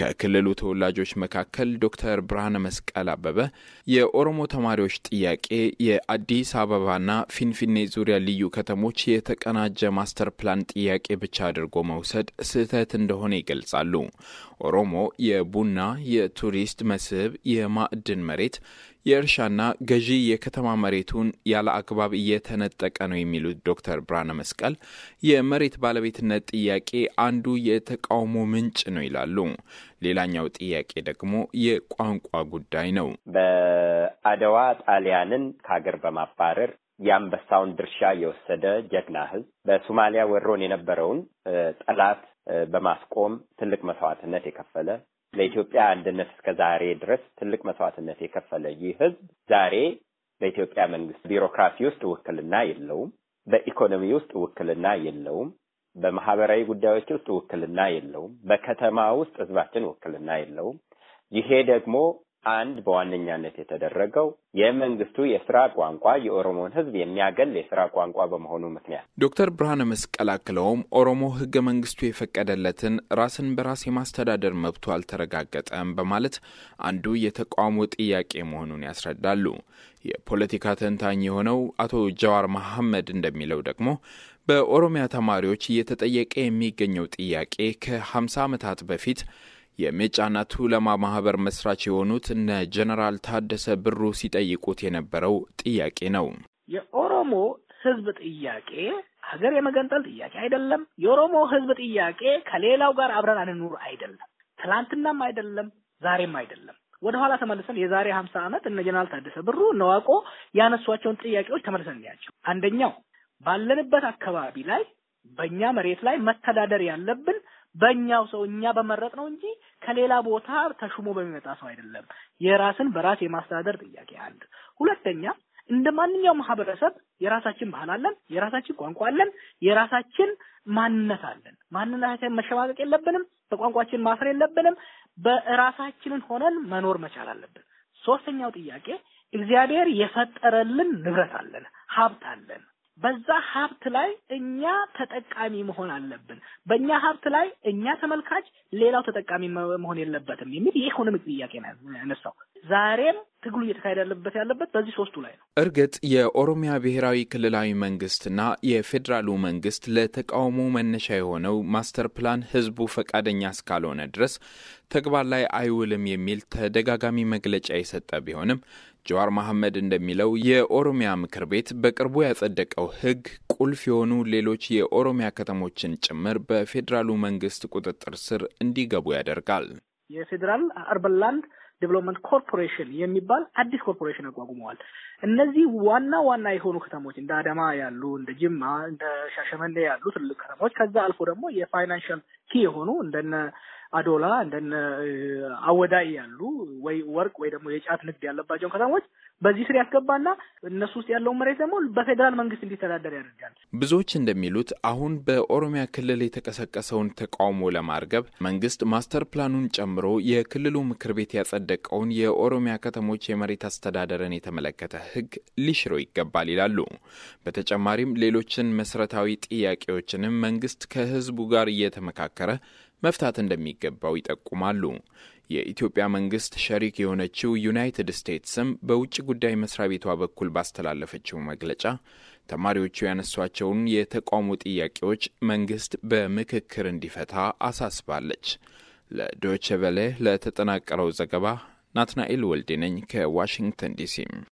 ከክልሉ ተወላጆች መካከል ዶክተር ብርሃነ መስቀል አበበ የኦሮሞ ተማሪዎች ጥያቄ የአዲስ አበባና ፊንፊኔ ዙሪያ ልዩ ከተሞች የተቀናጀ ማስተር ፕላን ጥያቄ ብቻ አድርጎ መውሰድ ስህተት እንደሆነ ይገልጻሉ። ኦሮሞ የቡና፣ የቱሪስት መስህብ፣ የማዕድን መሬት የእርሻና ገዢ የከተማ መሬቱን ያለ አግባብ እየተነጠቀ ነው የሚሉት ዶክተር ብርሃነ መስቀል የመሬት ባለቤትነት ጥያቄ አንዱ የተቃውሞ ምንጭ ነው ይላሉ። ሌላኛው ጥያቄ ደግሞ የቋንቋ ጉዳይ ነው። በአድዋ ጣሊያንን ከሀገር በማባረር የአንበሳውን ድርሻ የወሰደ ጀግና ህዝብ በሶማሊያ ወሮን የነበረውን ጠላት በማስቆም ትልቅ መስዋዕትነት የከፈለ ለኢትዮጵያ አንድነት እስከ ዛሬ ድረስ ትልቅ መስዋዕትነት የከፈለ ይህ ህዝብ ዛሬ በኢትዮጵያ መንግስት ቢሮክራሲ ውስጥ ውክልና የለውም። በኢኮኖሚ ውስጥ ውክልና የለውም። በማህበራዊ ጉዳዮች ውስጥ ውክልና የለውም። በከተማ ውስጥ ህዝባችን ውክልና የለውም። ይሄ ደግሞ አንድ በዋነኛነት የተደረገው የመንግስቱ የስራ ቋንቋ የኦሮሞን ህዝብ የሚያገል የስራ ቋንቋ በመሆኑ ምክንያት። ዶክተር ብርሃነ መስቀል አክለውም ኦሮሞ ህገ መንግስቱ የፈቀደለትን ራስን በራስ የማስተዳደር መብቱ አልተረጋገጠም በማለት አንዱ የተቃውሞ ጥያቄ መሆኑን ያስረዳሉ። የፖለቲካ ተንታኝ የሆነው አቶ ጀዋር መሐመድ እንደሚለው ደግሞ በኦሮሚያ ተማሪዎች እየተጠየቀ የሚገኘው ጥያቄ ከ50 ዓመታት በፊት የሜጫና ቱለማ ማህበር መስራች የሆኑት እነ ጀነራል ታደሰ ብሩ ሲጠይቁት የነበረው ጥያቄ ነው። የኦሮሞ ህዝብ ጥያቄ ሀገር የመገንጠል ጥያቄ አይደለም። የኦሮሞ ህዝብ ጥያቄ ከሌላው ጋር አብረን አንኑር አይደለም። ትላንትናም አይደለም፣ ዛሬም አይደለም። ወደኋላ ተመልሰን የዛሬ ሀምሳ ዓመት እነ ጀነራል ታደሰ ብሩ እነ ዋቆ ያነሷቸውን ጥያቄዎች ተመልሰን እንያቸው። አንደኛው ባለንበት አካባቢ ላይ በእኛ መሬት ላይ መተዳደር ያለብን በእኛው ሰው እኛ በመረጥ ነው እንጂ ከሌላ ቦታ ተሹሞ በሚመጣ ሰው አይደለም። የራስን በራስ የማስተዳደር ጥያቄ አንድ። ሁለተኛ እንደ ማንኛውም ማህበረሰብ የራሳችን ባህል አለን፣ የራሳችን ቋንቋ አለን፣ የራሳችን ማንነት አለን። ማንነታችን መሸማቀቅ የለብንም፣ በቋንቋችን ማፈር የለብንም። በራሳችንን ሆነን መኖር መቻል አለብን። ሶስተኛው ጥያቄ እግዚአብሔር የፈጠረልን ንብረት አለን፣ ሀብት አለን። በዛ ሀብት ላይ እኛ ተጠቃሚ መሆን አለብን። በእኛ ሀብት ላይ እኛ ተመልካች፣ ሌላው ተጠቃሚ መሆን የለበትም የሚል የኢኮኖሚክ ጥያቄ ነው ያነሳው። ዛሬም ትግሉ እየተካሄደ ያለበት ያለበት በዚህ ሶስቱ ላይ ነው። እርግጥ የኦሮሚያ ብሔራዊ ክልላዊ መንግስትና የፌዴራሉ መንግስት ለተቃውሞ መነሻ የሆነው ማስተር ፕላን ህዝቡ ፈቃደኛ እስካልሆነ ድረስ ተግባር ላይ አይውልም የሚል ተደጋጋሚ መግለጫ የሰጠ ቢሆንም ጀዋር መሐመድ እንደሚለው የኦሮሚያ ምክር ቤት በቅርቡ ያጸደቀው ህግ ቁልፍ የሆኑ ሌሎች የኦሮሚያ ከተሞችን ጭምር በፌዴራሉ መንግስት ቁጥጥር ስር እንዲገቡ ያደርጋል። የፌዴራል አርበን ላንድ ዴቨሎፕመንት ኮርፖሬሽን የሚባል አዲስ ኮርፖሬሽን አቋቁመዋል። እነዚህ ዋና ዋና የሆኑ ከተሞች እንደ አዳማ ያሉ፣ እንደ ጅማ፣ እንደ ሻሸመኔ ያሉ ትልቅ ከተሞች ከዛ አልፎ ደግሞ የፋይናንሽል ኪ የሆኑ እንደነ አዶላ እንደነ አወዳይ ያሉ ወይ ወርቅ ወይ ደግሞ የጫት ንግድ ያለባቸውን ከተሞች በዚህ ስር ያስገባና እነሱ ውስጥ ያለውን መሬት ደግሞ በፌዴራል መንግስት እንዲተዳደር ያደርጋል። ብዙዎች እንደሚሉት አሁን በኦሮሚያ ክልል የተቀሰቀሰውን ተቃውሞ ለማርገብ መንግስት ማስተር ፕላኑን ጨምሮ የክልሉ ምክር ቤት ያጸደቀውን የኦሮሚያ ከተሞች የመሬት አስተዳደርን የተመለከተ ህግ ሊሽሮ ይገባል ይላሉ። በተጨማሪም ሌሎችን መሰረታዊ ጥያቄዎችንም መንግስት ከህዝቡ ጋር እየተመካከለ እየተጠናከረ መፍታት እንደሚገባው ይጠቁማሉ። የኢትዮጵያ መንግስት ሸሪክ የሆነችው ዩናይትድ ስቴትስም በውጭ ጉዳይ መስሪያ ቤቷ በኩል ባስተላለፈችው መግለጫ ተማሪዎቹ ያነሷቸውን የተቃውሞ ጥያቄዎች መንግስት በምክክር እንዲፈታ አሳስባለች። ለዶይቼ ቬለ ለተጠናቀረው ዘገባ ናትናኤል ወልዴ ነኝ ከዋሽንግተን ዲሲ